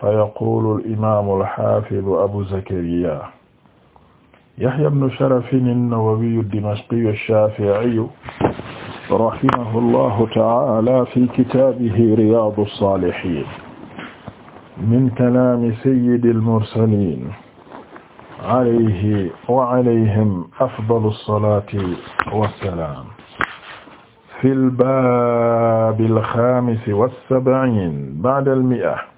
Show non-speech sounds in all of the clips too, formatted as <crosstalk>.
fa yaqulu al-imaamu al-haafidu abu zakariyaa yahyaa ibnu sharafin an-nawawiyyu ad-dimashqiyyu ash-shaafi'iyyu rahimahu llahu ta'aalaa fi kitaabihi riyaadu as-saalihiin min kalaami sayyidi al-mursaliin alayhi wa alayhim afdalu as-salaati was-salaam fil baabil xaamisi was-sab'iin ba'da al-mi'a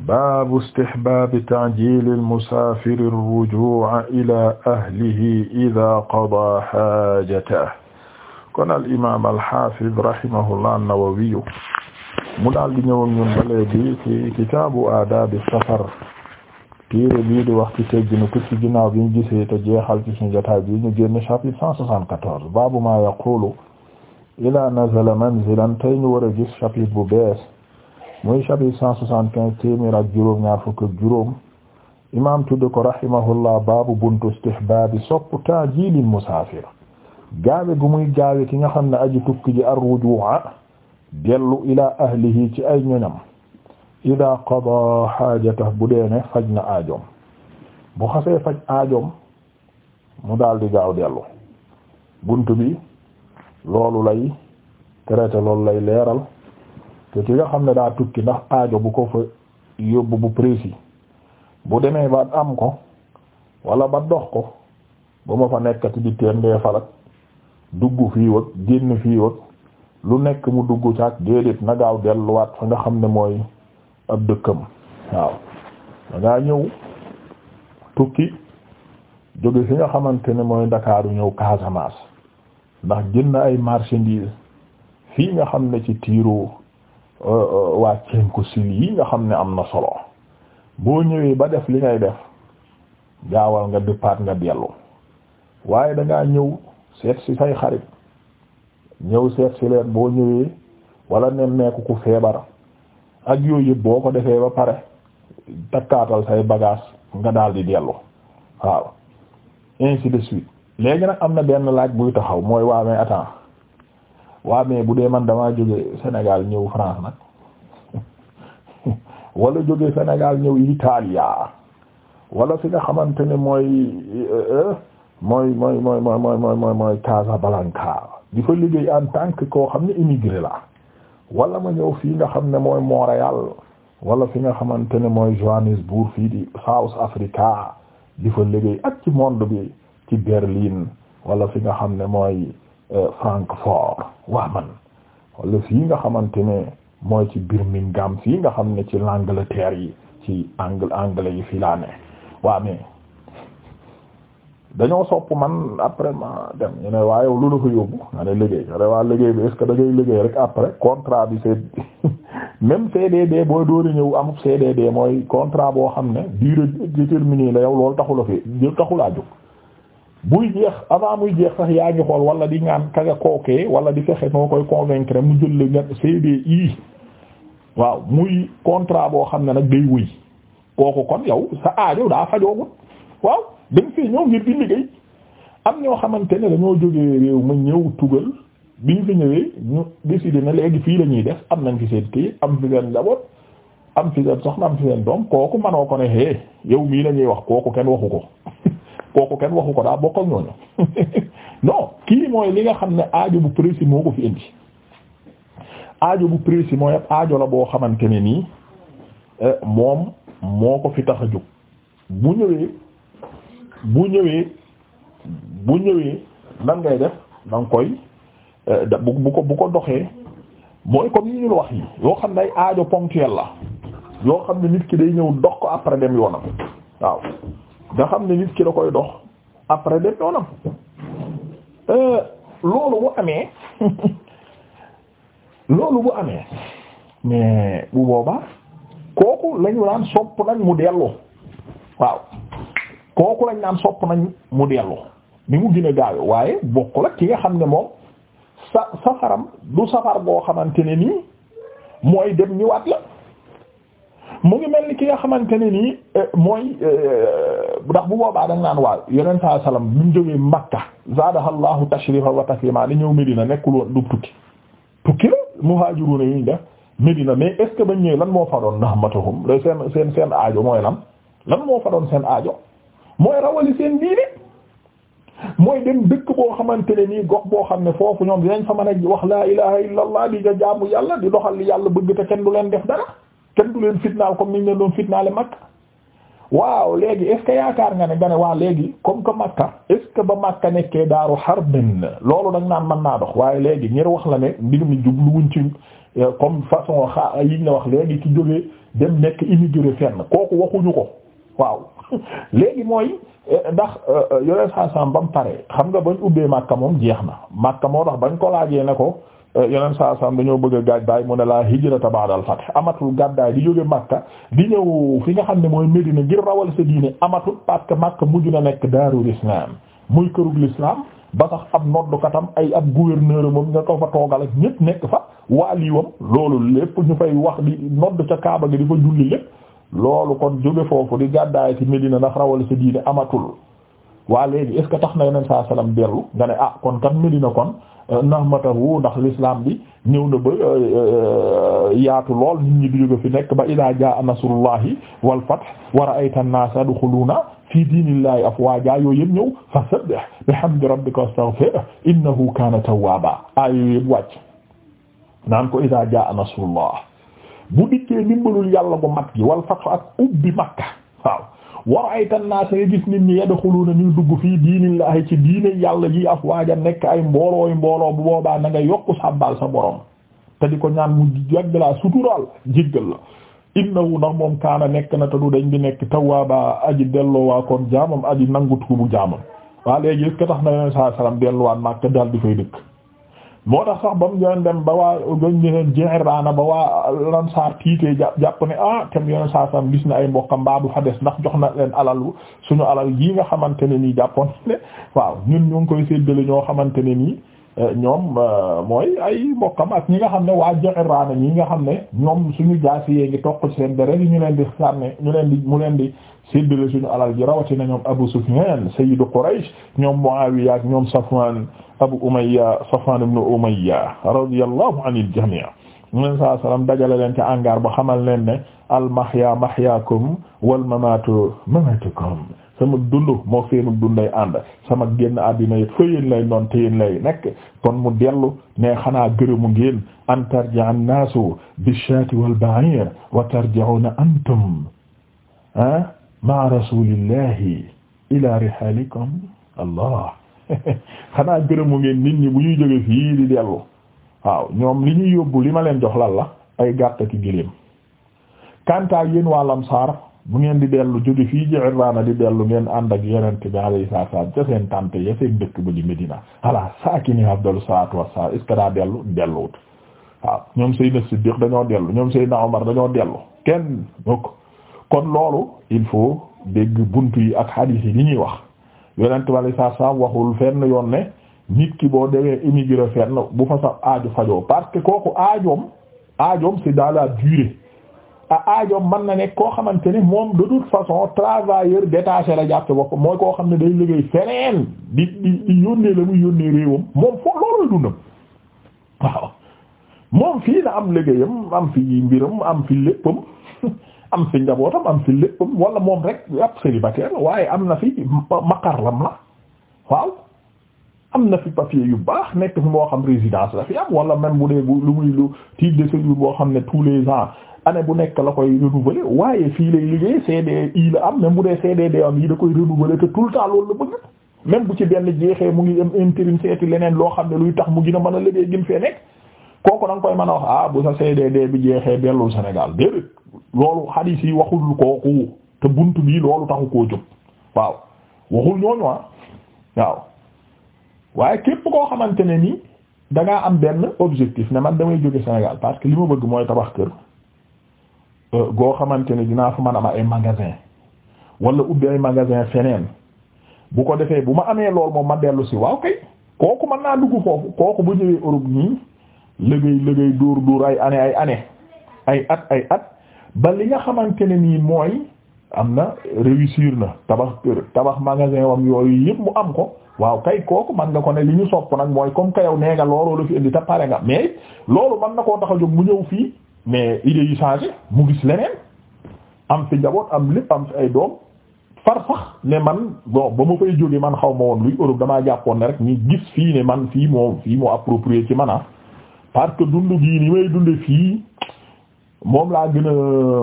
baabu istihbaabi ta'jiili al-musaafiri ar-rujuu'a ilaa ahlihi idaa qadaa haajatahu kon al-imaam al-haafiz rahimahullah an-Nawawi mu daal di ñëw ak ñun ba léegi ci kitaabu aadaabi safar téere bii di wax ci tegginu ko ci ginnaaw bi ñu gisee te jeexal ci suñu jotaay bi ñu génn chapitre 174 baabu maa yaquulu idaa nazala manzilan tey ñu war a gis chapitre bu bees. mooy chapitre cent soixante quinze ak juróom ñaar fukk ak juróom imaam tudde ko rahimahullah baabu buntu istihbaabi soppu taajilil musaafir gaawe gu muy gaawe ki nga xam ne aji tukki ji ar-ruju'a dellu ila ahlihi ci ay ñoñam ida qada haajata bu deene faj na aajoom bu xasee faj aajoom mu daal di gaaw dellu bunt bi loolu lay traité loolu lay leeral te ki nga xam ne daa tukki ndax aajo bu ko fa yóbbu bu précis bu demee ba am ko wala ba dox ko ba ma fa nekkati di teendee falak dugg fii wag génn fii wag lu nekk mu dugg caag déedéet na gaaw delluwaat fa nga xam ne mooy ab dëkkam waaw da ñëw tukki jóge fi nga xamante ne mooy ndakaaru ñëw Casamance ndax jënd ay marchandises fii nga xam ne ci tiiroo Euh, waa ko sil yi nga xam ne am na solo boo ñëwee ba def li ngay def gaawal nga départ nga dellu waaye dangaa ñëw seet si say xarit ñëw seet si leen boo ñëwee wala nemmeeku ku feebar ak yooyu yëpp boo ko defee ba pare takkaatal say bagage nga daal di dellu waaw ainsi de suite léegi nag am na benn laaj buy taxaw mooy waa mais attends waa mais bu dee man damaa jóge Sénégal ñëw France nag <laughs> jóge Sénégal ñëw Italia wala fi nga xamante ne mooy euh, mooy mooy mooy mooy mooy mooy mooy mooy Casablanca di fa liggéey en koo xam ne immigré la wala ma ñëw fii nga xam ne mooy Montréal wala fi nga xamante ne mooy Johannesburg fii di South Africa di fa liggéey ak ci monde bi ci Berlin wala fi nga xam ne mooy Francfort waa man wala fii nga xamante ne mooy ci Birmingham fii nga xam ne ci l'Angleterre yi ci angle anglais yi fii laa ne waa mais dañoo sopp man après ma dem ñu ne waaye lu la fa yóbbu nga ne liggéey nga ne waa liggéey bi est-ce que liggéey rek après contrat bi c'est <laughs> même CDD boo doori ñëw amub CDD mooy contrat boo xam ne durée déterminée la yow lool taxu la fi taxulaa jóg buy jeex avant muy jeex sax yaa ngi xool wala di ñaan kaga kookee wala di fexe noo koy convaincre mu jël nga CDI waaw muy contrat boo xam ne nag day wëy kooku kon yow sa aajo daa fajoogul waaw dañ fi ñëw ngir di liggéey am ñoo xamante ne dañoo jógee réew ma ñëw tugal biñ fi ñëwee ñu décider ne léegi fii la ñuy def am nañ fi seen kii am fi seen njaboot am fi seen soxna am fi seen doom kooku manoo ko ne hee yow mii la ñuy wax kooku kenn waxu ko <laughs> kooku kenn waxu ko daa bokk ak ñooñu <laughs> non kii mooy li nga xam ne aajo bu précis moo ko fi indi aajo bu précis mooy ab aajo la boo xamante ne nii eh, moom moo ko fi tax a jóg bu ñëwee bu ñëwee bu ñëwee nan ngay def eh, da nga koy ko bu ko doxee mooy comme yi ñu wax yi yoo xam ne ay aajo ponctuel la yoo xam ne nit ki day ñëw dox ko après dem yoonam waaw nga xam ne nit ki da koy dox après dem yoonam euh, loolu bu amee <laughs> loolu bu amee mais bu boobaa kooku lañu naan sopp nañ mu dellu waaw kooku lañ naan sopp nañ mu dellu ni mu gën a gaawe waaye bokkul ak ki nga xam ne moom sa safaram du safar boo xamante ne nii mooy dem ñëwaat la mu ngi mel ni ki nga xamante ne nii eh, mooy eh, ndax bu boobaa dañ naan waaw yeneen saa salaam bi mu jógee Makka zaadahallahu tashrifa wa taslima li ñëw Medina nekkul woon du tukki tukki la muhajiruna yi ñu def Medina mais est ce que bañ ñëwee lan moo fa doon nahmatuhum la seen seen seen aajo mooy lan lan moo fa doon seen aajo mooy rawali seen diine mooy dem dëkk boo xamante ne nii gox boo xam ne foofu ñoom dinañ fa mën a wax laa ilaha illa allah di nga jaamu yàlla di doxal li yàlla bëgg te kenn du leen def kenn du leen fitnaal comme niñ leen doon fitnaale Makka waaw léegi est ce que yaakaar nga ne nga ne waa léegi comme que Makka est ce que ba Makka nekkee daaru harbin loolu da naan mën naa dox waaye léegi ngir wax la ne mbir mi jubluwuñ ci euh, comme façon xaa yiñ la wax léegi ci jógee dem nekk immigré fenn kooku waxuñu ko waaw <laughs> léegi mooy euh, ndax euh, yore saa sam ba mu pare xam nga bañ ubbee Makka moom jeex na Makka moo tax bañ ko laajee ne ko. Euh, yeneen saa saam dañoo bëgg a baay mu ne laa hijrata ba'dal fath amatul gàddaay di jóge Makka di ñëw fi nga xam ne mooy Medina ngir rawal sa diine amatul parce que Makka mujj na nekk daarul islam muy kërug l'islam ba sax ab noddukatam ay ab gouverneur moom nga ko fa toogal ak ñépp nekk fa waaliwam loolu lépp ñu fay wax di nodd ca Kaaba gi di fa loolu kon jóge foofu di gàddaay ci Medina ndax rawal sa amatul waa léegi est ce que tax na yeneen saa salaam dellu nga ne ah kon kat Medina kon nahmatahu ndax l'islam bi ñëw na ba euh, euh, yaatu lool nit ñi di jóge fi nekk ba idaa jaa nasrullahi wal fath wa ra'ayta an-naasa yadkhuluuna fi diinillahi afwaaja yooyu yëpp ñëw fasabbih bihamdi rabbika wastaghfirhu innahu kaana tawwaaba ayu yëpp wàcc naan ko idaa jaa nasrullah bu dikkee ndimbalul yàlla bu mat gi wal fath ak ubbi Makka waaw warayta naasa nga gis nit ñi yadxuluuna ñu dugg fii diinillahi ci diine yàlla ji waaja nekk ay mboolooy mbooloo bu boobaa na nga yokku sàbbaal sa borom te di ko ñaan mu yàgg laa suturaal jéggal la innahu ndax moom kaana nekk na te dañ bi nekk taw waa tawwaaba aji delloo waa kon jaamam aji nangu tuubu jaamam waa léegi est-ce que tax na yoneen saa salaam delluwaat Makka daal di fay dëkk moo tax sax ba mu doon dem ba waa gën ñeneen Ji'raana ba waa Ansaar tiitee jàpp ne ah tam yoon saa sam gis na ay mbokkam mbaa du fa des ndax jox na leen alal suñu alal gii nga xamante ne nii jàppoon waaw ñun ñu ngi koy séddale ñoo xamante ne nii eh, ñoom eh, mooy ay mbokkam ak ñi nga xam ne waa Ji'raana ñi nga xam ne ñoom suñu jaasi yee ngi toq ci seen deret ñu leen di sànne ñu leen di mu leen di séddale suñu alal ji rawatina ñoom Abu Sufyan sayyidu Quraysh ñoom Muawiya ak ñoom Safwan Abu Umayya Safwan ibn Umayya radiyallahu anil jami' mnen saa sallam dajale leen ca angaar ba xamal leen ne al mahya mahyakum wal mamatu mamatukum sama dund moo seenu dunday ànd sama génn àddina yit fa yéen lay noon te yéen lay nekk kon mu dellu ne xanaa gërëmu ngeen an tarji'a an-naasu bi-shaati wal ba'iir wa tarji'una antum ah ma rasulillahi ila rihalikum allah xanaa gërëmu ngeen nit ñi bu ñuy jóge fii di dellu waaw ñoom li ñuy yóbbu li ma leen jox lan la ay gàtt ki giléem kantaa yéen waa lamsaar bu ngeen di dellu jóge fii ji Irbaana di dellu ngeen ànd ak yonent bi alayhi salaatu salaam ca seen tànte ya seen dëkk ba di Medina ala saakini afdalu salaatu wassalaam est-ce que daa dellu delluwut waaw ñoom Seydina Siddiq dañoo dellu ñoom Seydina Omar dañoo dellu kenn bokk kon loolu il faut dégg buntu yi ak hadith yi li ñuy wax yonent wala saa saa waxul fenn yoon ne nit ki boo demee immigré fenn bu fa sax aajo fajoo kooku aajoom aajoom c'est dans la durée a aajoom mën na nekk koo xamante ni moom de toute façon travailleur détaché la jàppe bopp mooy koo xam ne day liggéey feneen di di di yónnee la muy yónnee réewam moom foo loolu dundam waaw moom fii na am liggéeyam am fi mbiram am fi léppam <laughs> am fi njabootam am fi léppam wala moom rek ab célibataire waaye am na fi maqarlam la waaw am na fi papier yu baax nekk fi moo xam résidence la fi am wala même bu dee bu lu muy lu titre de séjour boo xam ne tous les ans année bu nekk la koy renouveler waaye fii lay liggéey CDI la am même bu dee CDD am yi da koy renouveler te tout le temps loolu la bëgg même bu ci benn jeexee mu ngi am intérim seeti leneen loo xam ne luy tax mu gina a mën a liggéey gën kooku da nga koy mën a wax ah bu sa CDD bi jeexee dellul Sénégal déedéet loolu hadith yi waxul kooku te buntu bii loolu taxu koo jóg waaw waxul ñooñu ah, waaw waaye képp koo xamante ne ni da am benn objectif ne man damay jóge Sénégal parce que li ma bëgg mooy tabax kër euh, goo xamante ne dinaa fa mën a am ay magasin wala ubbi ay magasin feneen bu ko defee bu ma amee lool moom ma dellusi si waaw kay kooku mën naa dugg foofu kooku bu ñëwee Europe nii. lëgëy lëgëy dóor dóor ay année ay année ay at ay at ba li nga xamante ne nii mooy am na réussir na tabax tabax magasin wam yooyu yëpp mu am ko waaw kay kooku man nga ko ne li ñu sopp nag mooy comme que yow nee nga looloo la fi indi te pare nga mais loolu man na koo tax a mu ñëw fii mais idée yi changé mu gis leneen am fi njaboot am lépp am fi ay doom far sax ne man bon ba ma fay jógee man xaw ma woon luy Europe damaa jàppoon ne rek ñi gis fii ne man fii moo fii moo approprié ci man ah. parce que dund gii ni may dunde fii moom laa gën a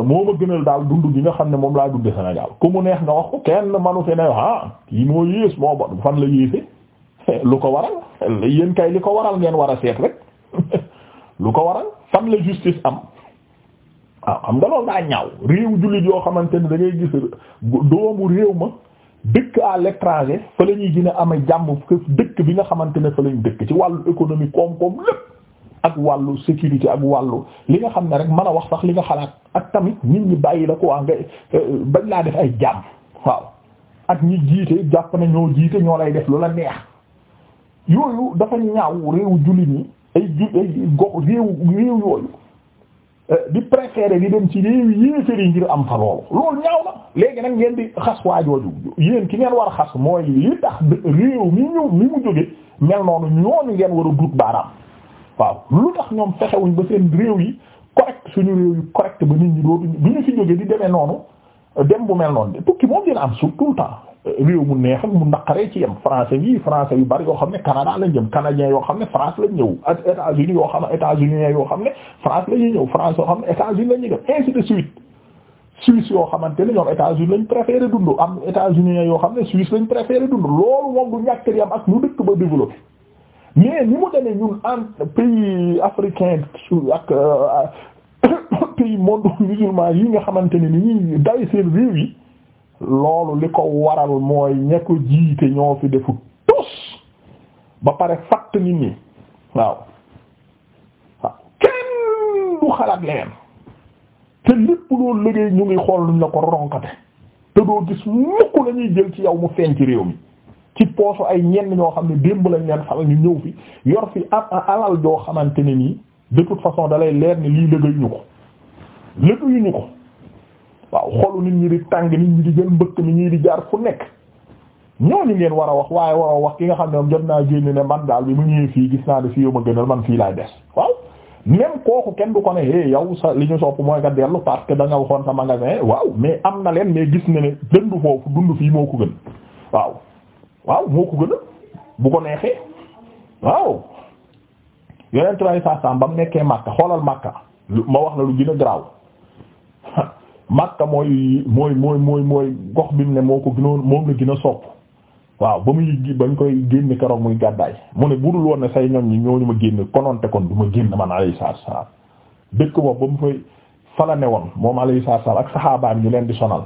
moo ma gënal daal dund gi nga xam ne moom laa dunde Sénégal ku mu neex nga wax ko kenn manu fi ne ah kii moo yées moo ba fan la yéese <laughs> lu ko waral yéen kay li ko waral ngeen war a seet rek <laughs> lu ko waral fan la justice am waaw ah, xam nga loolu daa ñaaw réew jullit yoo xamante ne da ngay gis doomu réew ma dëkk à l'étranger fa la ñuy gën a amee jàmm dëkk bi nga xamante ne fa lañ dëkk ci wàllu économie koom-koom ak wàllu sécurité ak wàllu li nga xam ne rek mën a wax sax li nga xalaat ak tamit nit ñi bàyyi la ko nga euh, bañ laa def ay jàmm waaw ak ñi jiite jàpp na ñoo jiite ñoo lay def lu la neex yooyu dafa ñaaw réew jullit ñi ay ju ay gox réew réew yooyu euh, di préférer di dem ci réew yéeféer yi ngir am fa loolu loolu ñaaw na léegi nag ngeen di xas waajooju yéen ki ngeen war a xas mooy li tax réew mi ñëw mi mu jóge mel noonu ñooñu ngeen war a dut baaraam waaw lu tax ñoom fexewuñ ba seen réew yi correct suñu réew yi correct ba nit ñi dootuñu du ñu fi jógee di demee noonu dem bu mel noonu de tukki moom dina am sur tout le temps réew mu neex ak mu naqaree ci yem français yi français yu bari yoo xam ne Canada la jëm canadien yoo xam ne France la ñëw ak yoo xam ne États-Unis yoo xam ne France la ñuy ñëw France yoo xam ne états dem ainsi de suite Suisse yoo xamante ne ñoom États-Unis lañ préféré dund am États-Unis yoo xam ne Suisse lañ préféré dund loolu moom du ñàkk di am ak nu dëkk ba développé. mais ni mu demee ñun en pays africain ak euh, <coughs> pays monde musulman yi nga xamante ni ñuy day seen réew yi loolu li ko waral mooy ña jiite ñoo fi defu tus ba pare fatt nit ñi waaw kenn du xalaat leneen te lépp loolu liggéey ñu ngi xool luñ la ko ronkate te doo gis mukk lañuy jël ci yow mu feeñ ci réew mi ci poosu ay ñenn ñoo xam ne démb lañ leen xamal ñu ñëw fi yor fi ab alal joo xamante ne nii de toute façon dalay leer ni lii lëgëy ñu ko lëgëyu ñu ko waaw xolu nit ñi di tàng nit ñi di jël mbëkk mi ñi di jaar fu nekk ñooñu ngeen war a wax waaye war wax ki nga xam ne moom jot naa génn ne man daal bi mu ñëwee fii gis naa ne fii yow ma gënal man fii laay des waaw même kooku kenn du ko ne eh yow sa li ñu sopp mooy nga dellu parce que da nga waxoon sa waaw mais am na leen mais gis na ne dënd foofu dund fii moo ko gën waaw waaw moo ko gën a bu ko neexee waaw yonent bi saa saa ba mu nekkee Makka xoolal Makka lu ma wax la lu gën a garaaw <laughs> Makka mooy mooy mooy mooy mooy gox bi mu ne moo ko gënoon moom la gën a sopp waaw ba muy bañ koy génn keroog muy gàddaay mu ne budul woon ne say ñoom ñi ñu ma génn kononte kon du ma génn man alayhi salaam dëkk boobu ba mu fay fala ne woon moom alayhi salaam ak saxaabaan ñu leen di sonal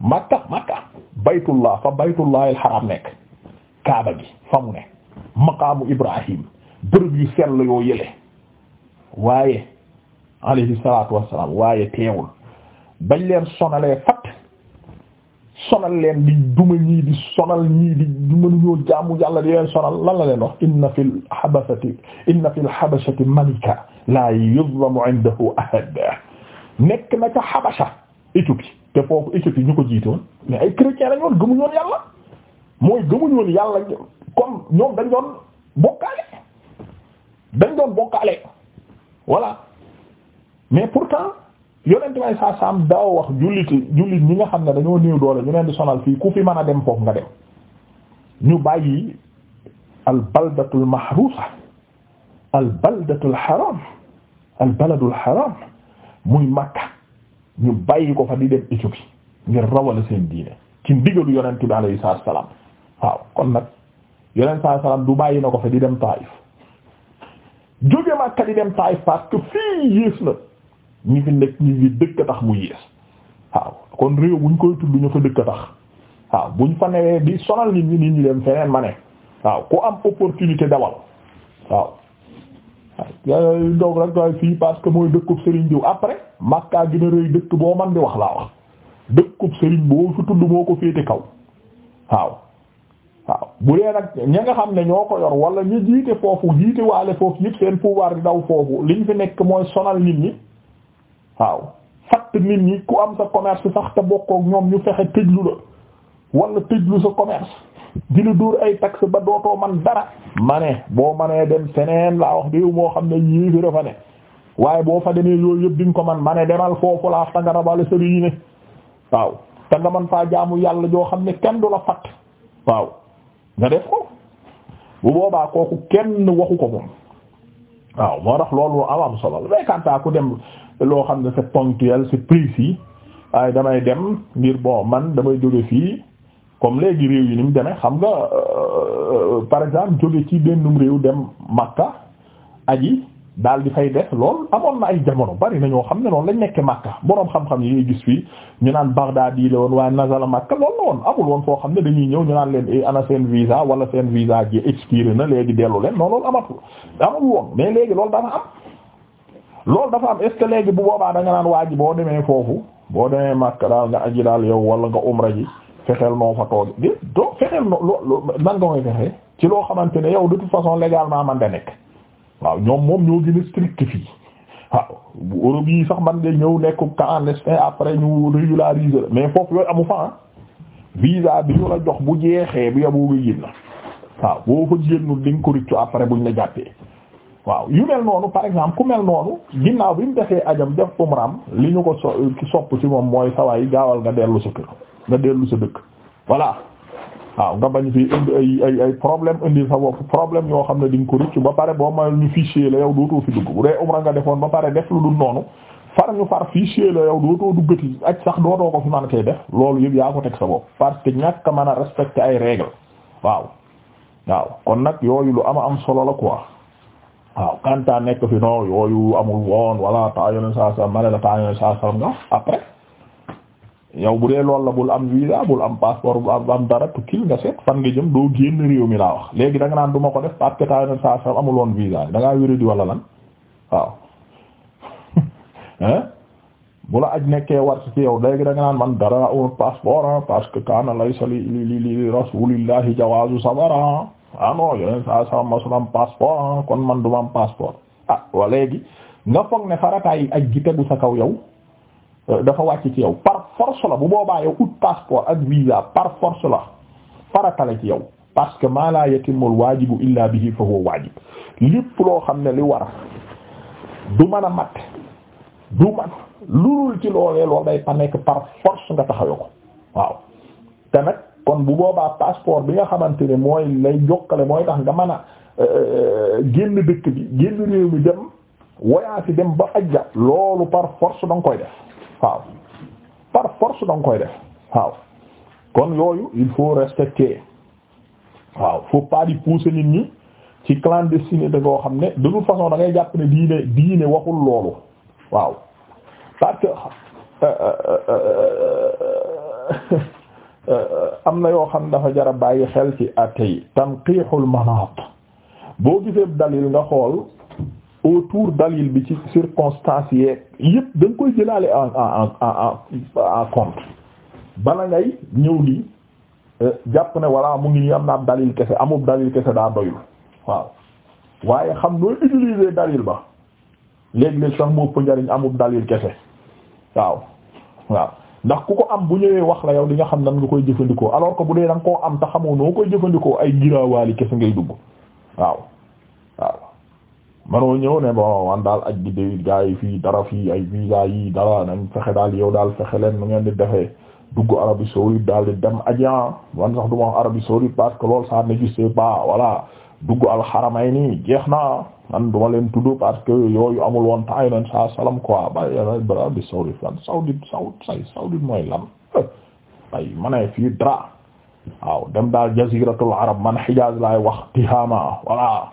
Makka Makka baytullah fa baytullah al haram nekk kaaba gi fa mu ne maqaamu ibrahim bërëb yu sell yoo yële waaye alayhi salaatu wassalaam waaye teewul bañ leen sonalee fat sonal leen di duma ñii di sonal ñii di mënuñoo jaamu yàlla di leen sonal lan la leen wax inna fi lxabasati inna fi lxabashati malika laa yuzlamu indahu ahad nekk na ca xabasha Éthiopie te foofu Éthiopie ñu ko jiitoon mais ay chrétiens lañu woon gëmuñu woon yàlla mooy gëmuñu woon yàlla comme ñoom dañ doon bokkaale dañ doon bokkaale voilà mais pourtant yonent may saa saam wax jullit jullit ñi nga xam ne dañoo néew doole ñu leen di sonal fii ku fi mën a dem foofu nga dem ñu bàyyi al baldatul mahrusa al baldatul haram muy Makka ñu bàyyi ko fa di dem Éthiopie ngir rawale seen diine ci ndigalu yonent bi alayhi salaam waaw kon nag yonent saa salaam du bàyyi na ko fa di dem Taïf jóge Makka di dem Taïf parce que fii yées na ñi fi nekk ñi fi dëkk tax mu yées waaw kon réew buñ koy tudd ñu fa dëkk tax waaw buñ fa newee di sonal nit ñi nit ñi dem feneen ma ne waaw ku am opportunité dawal waaw. waaw doog parce que mooy dëkku Serigne Diouf après Makka gi a rëy dëkk boo man di wax laa wax dëkkub Serigne boo fi tudd moo ko féete kaw waaw waaw bu dee nag ña nga xam ne ñoo ko yor wala ñu jiite foofu jiite waale foofu yëpp seen pouvoir di daw foofu liñ fi nekk mooy sonal nit ñi waaw fatt nit ñi ku am sa commerce sax te bokkook ñoom ñu fexe tëjlu la wala tëjlu sa commerce di la dóor ay taxe ba dootoo man dara ma boo manee dem feneen laa wax réew moo xam ne yéefi dafa ne waaye boo fa demee yooyu yëpp di ko man ma ne demal foofu laa ta nga rabal ne waaw te nga man faa jaamu yàlla joo xam ne kenn du la fat waaw nga def ko bu boobaa kooku kenn waxu ko moom waaw moo tax loolu amam solo la baykantaa ku dem loo xam ne c'est ponctuel c'est précis waaye damay dem ngir bon man damay jóge fii comme léegi réew yi ni mu demee xam nga euh, par exemple jóge ci bennum réew dem Makka aji daal di fay def lool amoon na ay jamono bari na ñoo xam ne lool lañ nekke Makka boroom xam-xam yi gis fii ñu naan Bagdad yi la woon waaye nasala Makka loolu la woon amul woon foo xam ne dañuy ñëw ñu naan leen eh, ana seen visa wala seen visa ji expiré na léegi dellu leen non loolu amatu amul woon mais léegi loolu dafa am loolu dafa am est léegi bu boobaa da nga naan waa ji boo demee foofu boo demee Makka daal nga aji daal yow wala nga umra ji fexeel noo fa toog di do fexeel noo nan ci loo xamante ne yow de toute façon légalement man de nekk waaw ñoom moom ñoo gën a strict fii waaw bu Europe yi sax man nga ñëw nekk clandestin après ñu régulariser la mais foofu yooyu amu fa ah. visa bi ñu la jox bu jeexee bu yaboo nga génn waaw boo fa génnul di nga ko rëccu après la jàppee waaw yu mel noonu par exemple ku mel noonu ginnaaw bi mu defee ajam def umram li ñu ko sopp ci moom mooy sawaay gaawal nga dellu sa nga dellu sa dëkk voilà waaw nga bañ fi indi ay ay ay problème indi sa bopp problème yoo xam ne di nga ko rëcc ba pare boo mayul ñu fichier la yow dootoo fi dugg bu dee umra nga defoon ba pare def lu dul noonu far ñu far fichier la yow dootoo duggati ak sax dootoo ko fi mën a koy def loolu yëpp yaa ko teg sa bopp parce que ñàkk a mën a respecter ay règles waaw waaw kon nag yooyu lu ama am solo la quoi waaw kanta nekk fi non yooyu amul woon wala temps yoneen saa saa mane yow bu dee loolu la bul am visa bul am passeport bu am dara tukkil nga seet fan nga jëm doo génn réew mi laa wax léegi da naan du ma ko def parce que taay na saa sam amul woon di wala lan waaw <laughs> hein bu yow léegi da nga naan man dara passeport que kaana laysa ah am kon man du ma am passeport ah wa léegi nga foog ne farataay aj gi tegu sa kaw yow dafa wàcc ci yow par force la bu boobaa yow ut passeport ak visa par force la faratale ci yow parce que maa la yatimul waajibu illa bihi fa huwa waajib lépp loo xam ne li war du mën a mat du mat lulul ci loolee loolu day fa nekk par force nga taxawee ko waaw te nag kon bu boobaa passeport bi nga xamante ne mooy lay jokkale mooy tax nga mën a euh, euh, génn dëkk bi génn réew mi dem voyage dem ba ajja loolu par force danga koy def waaw par force da koy def waaw kon yooyu il faut respecter waaw faut pas di nit ñi ci clandestinité koo xam ne de toute façon da jàpp ne diine diine waxul loolu waaw parce que euh, euh, euh, am na yoo xam dafa jara bàyyi xel ci àtte yi tanqiixul manaat boo gisee dalil nga xool autour dalil bi ci circonstance yeeg yëpp koy jëlaale en en en compte bala ngay ñëw li euh, jàpp ne voilà mu ngi nii am na ab dalil kese amub dalil kese daa doyul waaw waaye xam nooy utiliser dalil ba léeg-léeg sax moo ëpp njariñ amub dalil kese waaw waaw ndax ku ko am bu ñëwee wax la yow li nga xam na nga koy jëfandikoo alors ko bu dee da koo am tax xamoo noo koy jëfandikoo ay giraawaali kese ngay dugg waaw manoo ñëw ne bon wan daal aj bi de gaa yi fii dara fi ay visa yi dara nañ fexe daal yow daal fexe leen nu ngeen di defee dugg Arabie saoudite daal di dem ajan ah. wan sax du ma wax Arabie saoudite parce que loolu ça n'existe pas voilà dugg alxaramayni jeex na man duma leen tudd parce que yooyu amul woon temps yi nañ saa salam quoi ba Arabie saoudite fan saoudite mooy lan ay ma ne fii dara dem daal jaziratul arab man Hijaz laay wax Tihama voilà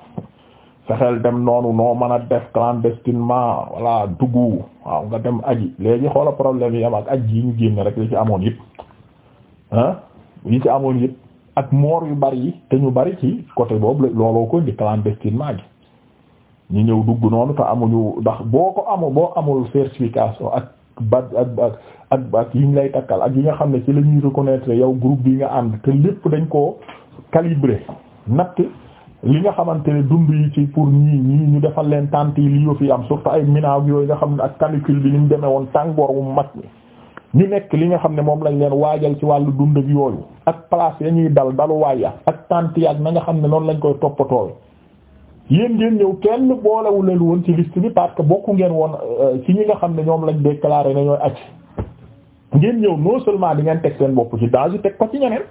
fexeel dem noonu noo mën a def clandestinement voilà duggu waaw nga dem aji léegi xoola problème yi am ak aji yi ñu génn rek li ci amoon yëpp ah yi ci amoon yëpp ak moor yu bari yi te ñu bari ci côté boobu looloo ko di clandestinement gi ñu ñëw dugg noonu te amuñu ndax boo ko amu boo amul certification ak ba ak ak ak yi ñu ak yi nga xam ne ci la ñuy reconnaître yow groupe bi nga ànd te lépp dañ koo calibré natt li nga xamante ne dund yi ci pour ñii ñu defal leen tànt yi li yoo fi am surtout ay minaaw yooyu nga xam ne ak canicule bi ni mu demee woon tàngoor wu mag ñi nekk li nga xam ne moom lañ leen waajal ci wàllu dund ak yooyu ak place ya ñuy dal daluwaay ya ak tànt ya ak na nga xam ne noonu lañ koy toppatoo yéen ngeen ñëw kenn boolewu leen woon ci liste bi parce que bokku ngeen woon euh, ci ñi nga xam ne ñoom lañ déclaré ne ñooy acc ngeen ñëw non seulement di ngeen teg seen bopp ci danger teg ko ci ñeneen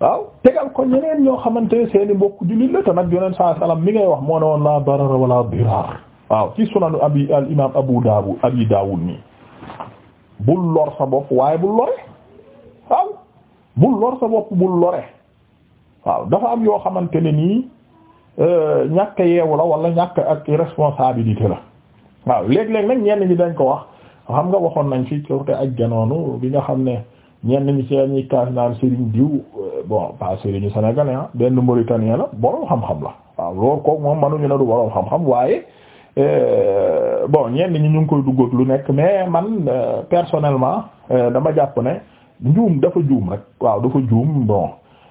waaw tegal ko ñeneen ñoo xamante ne seeni mbokk jullit la te nag yoneen saa salaam mi ngay wax moo ne woon la darara wala dirar waaw ci sunanu abi al imaam abu daawud abi daawud nii bul lor sa bopp waaye bul lore waaw bul lor sa bopp bul lore waaw dafa am yoo xamante ne nii euh, ñàkk yeewu la wala ñàkk ak responsabilité la waaw léeg-léeg nag ñenn ñi dañ ko wax xam nga waxoon nañ fi ci te aj ganoonu bi nga xam ne ñenn ñi seen ñi kaas naan Serigne diw euh, bon pas Serigne sénégalais ah benn mauritanien la boo xam-xam la waaw loolu kooku moom manuñu ne du borom xam-xam waaye euh, bon ñenn ñi ñu ngi koy dugg lu nekk mais man euh, personnellement dama jàpp ne njuum dafa juum rek waaw dafa juum bon.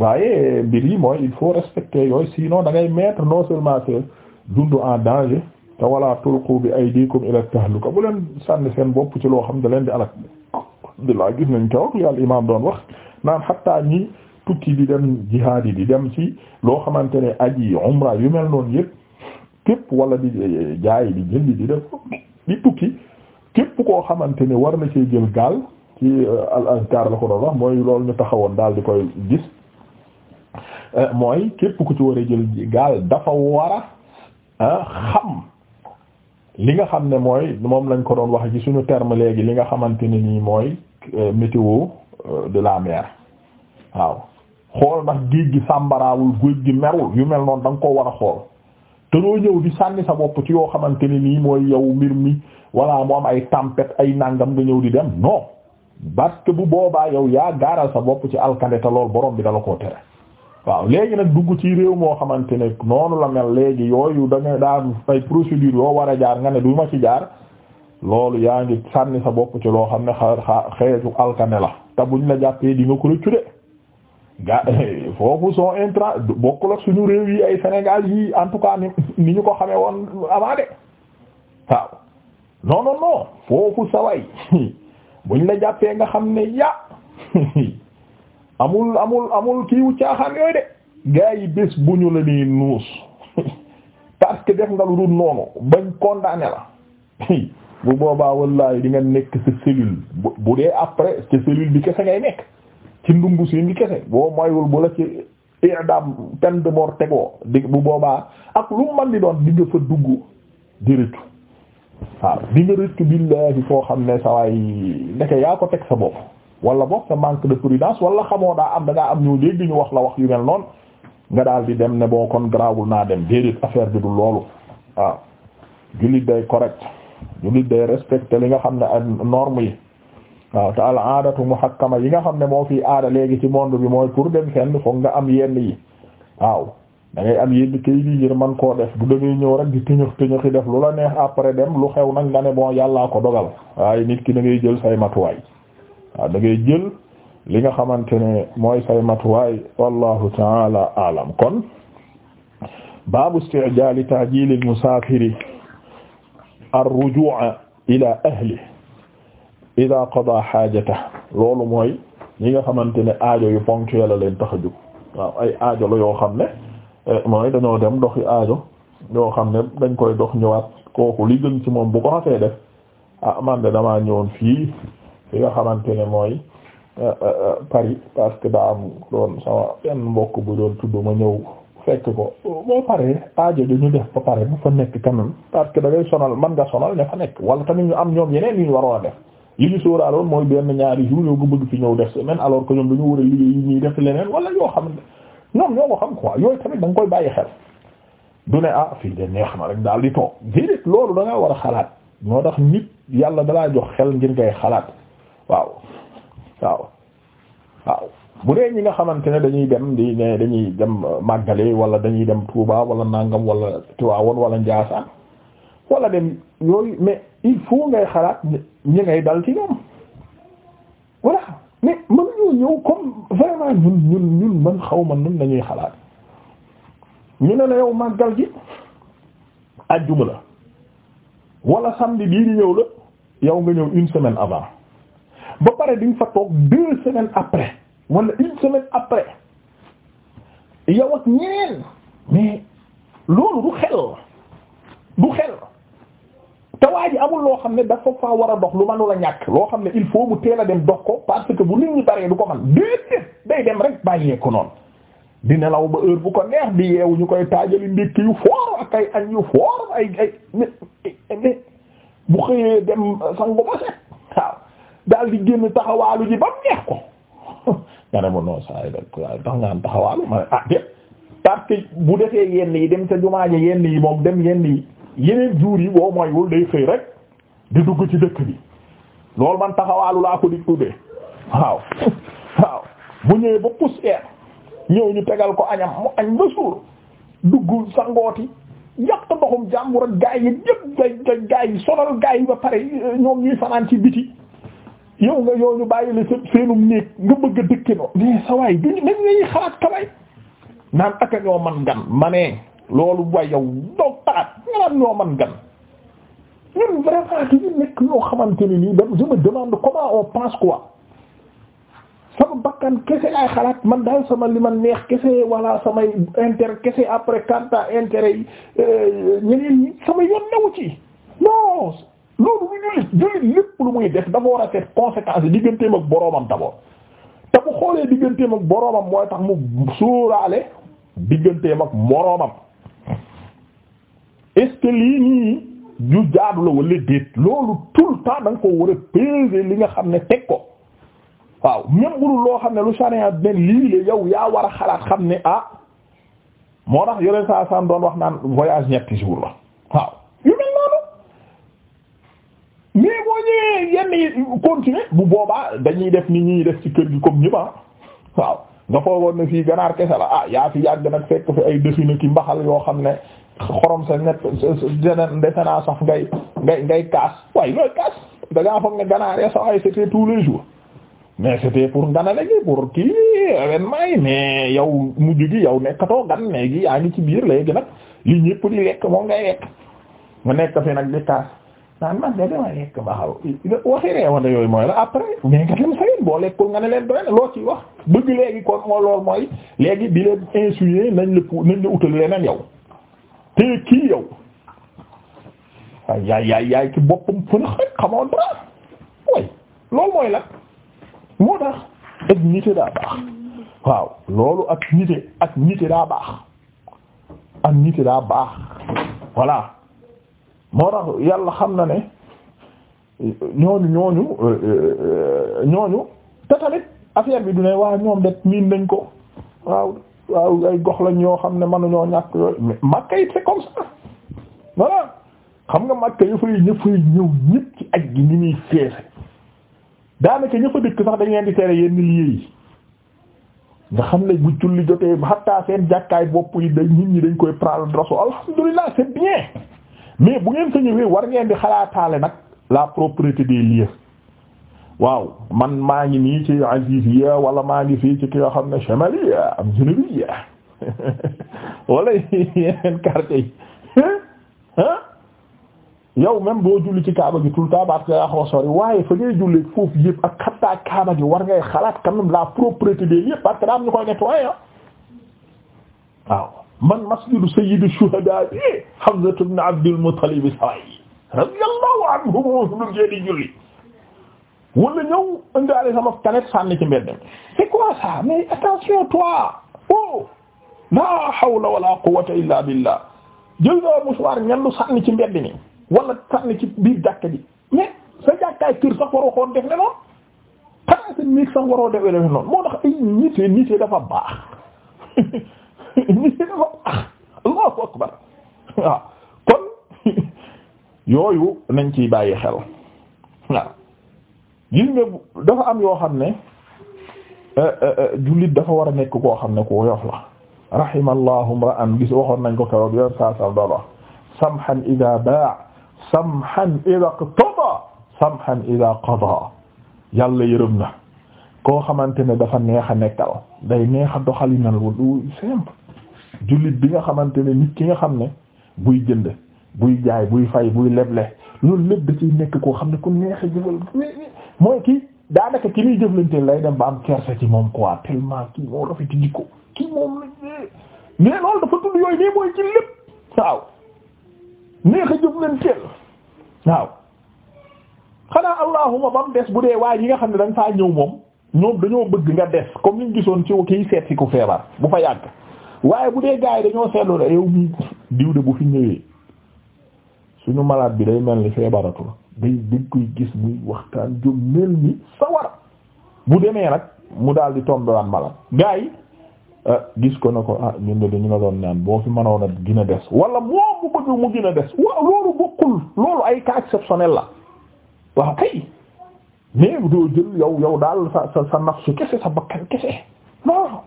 waaye mbir yi mooy il faut respecter yooyu sinon da ngay mettre non seulement dund en danger te wala tulqu bi aydikum ila tahluka bu leen sànni seen bopp ci loo xam ne leen di alak alhamdulillah gis nañ kaw li al imam doon wax naan xatta ñi tukki di dem jihaad yi di dem ci loo xamante ne aji umra yu mel noonu yëpp képp wala di jaay di jëndi di def di tukki képp koo xamante ne war na cee jël gaal ci euh, al azkar la ko doon wax mooy loolu ñu taxawoon daal di koy gis Euh, mooy képp ku ci war a jël gaal dafa war ah, xam li nga xam ne mooy moom lañ ko doon wax ci suñu terme léegi li nga xamante ne nii mooy euh, météo euh, de la mer waaw xool ndax géej gi sàmbaraawul géej gi merul yu mel noonu da nga koo war a xool te doo ñëw di sànni sa bopp ci yoo xamante ne nii mooy yow mbir mi walla moo am ay tempête ay nàngam nga ñëw di dem non parce bu boobaa yow yaa gaaral sa bopp ci alkande te lool borom bi dala koo tere waaw léegi nag dugg ci réew moo xamante ne noonu la mel léegi yooyu da nga daan ay procédure yoo war a jaar nga ne du ma ci jaar loolu yaa ngi sànni sa bokk ci loo xam ne xa xeetu alkane la te buñ la jàppee di nga ko rëccu de ga <laughs> foofu son intra bokkul ak suñu réew yi ay Sénégal yi en tout cas ni ñu ko xamee woon avant de waaw non non non foofu saway <laughs> buñ la jàppee nga xam ne ya <laughs> amul amul amul kiiwu caaxaan yooyu de gars yi bés bu ñu la nii nuus <laughs> parce que def nga lu dul noonu bañ condamné la <laughs> bu boobaa wallahi di nga nekk sa cellule bu dee après ca cellule bi kese ngay nekk ci ndungu siin ngi kese boo moywul bu la ci i'dam peine de mort tegoo di bu boobaa ak lu man di doon di nga fa dugg di rëccu waaw di rëccu billaahi foo xam ne sawaay ndeke yaa ko teg sa bopp wala boog sa manque de prudence wala xamoo daa am da ngaa am ñoo dégg ñu wax la wax yu mel noonu nga daal di dem ne boo kon garaawul naa dem déedéet affaire bi du loolu waaw jullit day correct jullit day respecté li nga xam ne ak normes yi waaw te al aadatu muhakkama yi nga xam ne moo fi aada léegi ci monde bi mooy pour dem fenn foog nga am yenn yi waaw da ngay am yenn kayit yi ngir mën koo def du dangay ñëw rek di tëñëx tëñëxi def lu la neex après dem lu xew nag nga ne bon dogal waaye nit ki da ngay jël say matuwaay a da ngay jël li nga xamante ne mooy say matuwaay wallahu taala alam kon baabu isti'jaali ta'jiili al-musaafiri ar-rujuu'a ilaa ahlihi idaa qadaa haajatahu loolu mooy li nga xamante ne aajo yu ponctuel leen tax a jóg ay aajo la yoo xam ne eh, mooy dañoo dem doxi aajo yoo xam ne dañ koy dox ñëwaat kooku li gën ci moom bu ko xasee def ah man de damaa fii. fi nga xamante ne mooy euh, euh, euh, Paris parce que daa am doon sama yenn mbokk bu doon tudd ma ñëw fekk ko boo paree aajo dañu def ba pare bu fa nekk kanam parce que da ngay sonal man nga sonal ne fa nekk wala tamit ñu am ñoom yeneen yu ñu waroon a def yi benn ñaari jours yoo ko ñëw def semaine alors que ñoom dañu war a liggéey yi ñuy def leneen wala yoo xam ne ñoom ñoo ko xam quoi yooyu tamit da koy bàyyi xel du ne ah fii de neex ma rek daal di toog déedéet loolu da war a xalaat moo tax nit yàlla dalaa jox xel ngir ngay xalaat waaw waaw waaw bu dee ñi nga xamante ne dañuy dem di dañuy dem màggale wala dañuy dem Touba wala nàngam wala Tiwaawoon walla Njaasaan wala dem yooyu mais il faut ngay xalaat ñi ngay dal ci ñoom voilà mais mën ñoo ñëw comme vraiment ñun ñun man xaw ma nun nañuy xalaat ñu ne la yow màggal gi ajjuma la wala samedi bii di ñëw la yow nga ñëw une semaine avant ba pare di nga fa toog deux semaines après wala une semaine après yow ak ñeneen mais loolu du xel du xel te waa ji amul loo xam ne dafa faa war a dox lu mënul a ñàkk loo xam ne il faut mu teel a dem dox ko parce que bu nit ñi baree du ko man déedéet day dem rek bàyyeeku noonu dina law ba heure bu ko neex di yeewu ñu koy taajali ndékki yu foor ak ay añ yu foor ay ay bu xëyee dem sangu ba set daal di génn taxawaalu ji ba mu neex ko <laughs> nga ne ma non saa yi tax ngaan taxawaalu ma ah déet parce que bu defee yenn yi dem ca jumaa ji yenn yi moom dem yenn yi yeneen jour yi boo mooywul day xëy rek di dugg ci dëkk bi loolu man taxawaalu laa ko di tuddee waaw <laughs> waaw bu ñëwee ba poussière ñëw ñu tegal ko añam mu añ ba suur dugg sa ngooti yàq ndoxum jàmbur ak gaay yi yëpp gaay yi gaay ba pare ñoom ñuy fanaan ci biti yow nga yow ñu bàyyi nga bëgg a dëkkinoo mais sa waay duñu même nañuy xalaat kaway naan aka ñoo man gan ma nee loolu waay yow doo xalaat ñanaan ñoo man gan ñun vraiment nekk ñoo xamante ne nii je me demande comment on pense quoi sama bakkan kese ay xalaat man daal sama li neex kese wala samay intérêt kese après kanta intérêt yi euh, ñu ñi sama yoon newu ci non loolu lu ñu jullit lépp lu muy def dafa war a seet conséquence digganteem ak boroomam d'abord te bu xoolee digganteem ak boroomam mooy tax mu suuraale digganteem ak moroomam est-ce que lii nii ju jaadu la déet loolu tout le temps da nga ko war a peser li nga xam ne teg ko waaw même budul loo xam ne lu charia ne lii la yow yaa war a xalaat xam ne ah moo tax yore saa saa doon wax naan voyage ñetti jours la waaw. mais boo ñëwee yenn yi continuer bu boobaa dañuy def ni ñuy def ci kër gi comme ñëpp ah. waaw nga foogoon ne fii ganaar kese la ah yaa fi yàgg nag fekk fi ay desinu ki mbaxal yoo xam ne xorom sa net defe naa ngay ngay ngay kaas waaye looy kaas da ngaa foog ne ganaar ya sax ay c'était tous les jours mais c'était pour ngana léegi pour kii événement yi mais yow mujj gi yow nekkatoo gan léegi yaa ngi ci biir léegi nag li ñëpp di lekk moom ngay lekk nga nekk fi nag di kaas. naan man de damay lekk ba xaw waxi reewande yooyu mooy la après mais nga dem sayit boo lekkul nga ne leen doy na loo ciy wax bëgg léegi kon moo lool mooy léegi di leen insuler nañ la pu nañ la utal leneen yow te kii yow yaay yaay yaay ci boppam fëna xëy xamoon dara way loolu mooy la moo tax ak nite daa baax waaw loolu ak nite ak nite daa baax ak nite daa baax voilà moo tax yàlla xam na ne ñooñu ñooñu euh, euh, te tamit affaire bi du ne waaw ñoom de miin nañ ko waaw ay gox lañ yoo xam ne mënuñoo ñàkk yooyu mais it c'est comme xam nga Makka yu fay ñëpp fay ñëw ñëpp ci aj gi ni muy feese daanaka ñëpp a dëkk sax dañ leen di tere yenn lieux yi nga xam ne bu julli jotee xattaa seen jàkkaay bopp yi dañ nit ñi dañ koy pral draso alhamdulillah c'est bien mais bu ngeen fa ñëwee war ngeen di xalaataale nag la propriété des lieux waaw man maa ngi nii ci Aziziyya wala maa ngi fii ci ki nga xam ne Chamaliyya am Junubiyya <laughs> wala yeneen quartier yi yow même boo julli ci kaaba gi tout le temps waaye fa ngay jullee foofu yëpp ak xattaa kaaba gi war ngay xalaat quand même la propriété des lieux parce daa am ñu koy nettoyer ah. waaw. man masjidu sayyidu shuhadaa bi Hamzatu ibn Abdul Muttalib sawayi radiyallahu anhu moom du di julli wala ñëw indaale sama kanet sànni ci mbedd c'est quoi ça mais attention toi oh la hawla wala quwwata illa billah jël nga musuwaar ñenn sànni ci mbedd ni wala sànni ci biir jàkka ji mais sa jàkkaay kër sax waroo koon def ne noonu xanaa sa néeg sax waroo defee defe noonu moo tax ay nitee nitee dafa baax <laughs> monsieur dafa baax akbar waaw <laughs> yooyu nañ ciy bàyyi xel waaw gis dafa am yoo xam ne eh, eh, eh, jullit dafa war a nekk koo xam ne ku yof la rahimallahu imra'an gis waxoon nañ ko keroog yoon saa saa doon wax samhan ida baa samhan ida qada samhan ida qada yàlla yërëm na koo xamante ne dafa neex a nekkal day neex a doxali na lu jullit bi nga xamante ne nit ki nga xam ne buy jënd buy jaay buy fay buy leble loolu lépp da ciy nekk koo xam ne ku neex jëfal mooy kii daanaka ki muy jëflanteel lay dem ba am kersa ci moom quoi tellement kii moo rafet ci jikko kii moom lañ mais loolu dafa tudd yooyu nii mooy ci lépp waaw neex a jëflanteel waaw xanaa allahuma ba mu des bu dee waa yi nga xam ne da nga faa ñëw moom ñoom dañoo bëgg nga des comme niñ gisoon ci kiy seet si ku feebar bu fa yàgg waaye bu dee gars yi dañoo seetlu rek yow mii diw bu fi ñëwee suñu malade bi day mel ni feebaratul day dañ koy gis muy waxtaan jom mel ni sawar bu demee nag mu daldi di tombe waan yi ah, gis ko na ko ah ñun de dañu la doon naan boo fi mënoon a gina des wala moom mu mu gina des loolu bokkul loolu ay cas la waaw kay mais doo jël yow yow daal sa sa sa nafsu kese sa bakkan kese non.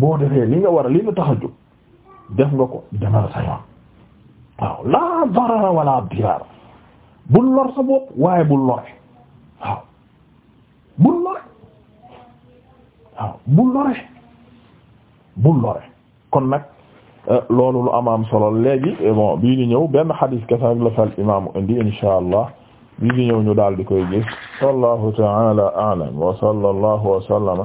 boo defee li nga war a li nga tax a jóg def nga ko demal sa yoon waaw wala dirar bul lore waaw bul lore lore bul lore kon nag euh, loolu lu am solo léegi euh, bon bii di ñëw benn xadiis kese ak la fal imaamu indi insha allah bii di ñëw ñu daal di koy gis wallahu ta'ala a'lam wa sallallahu wa sallama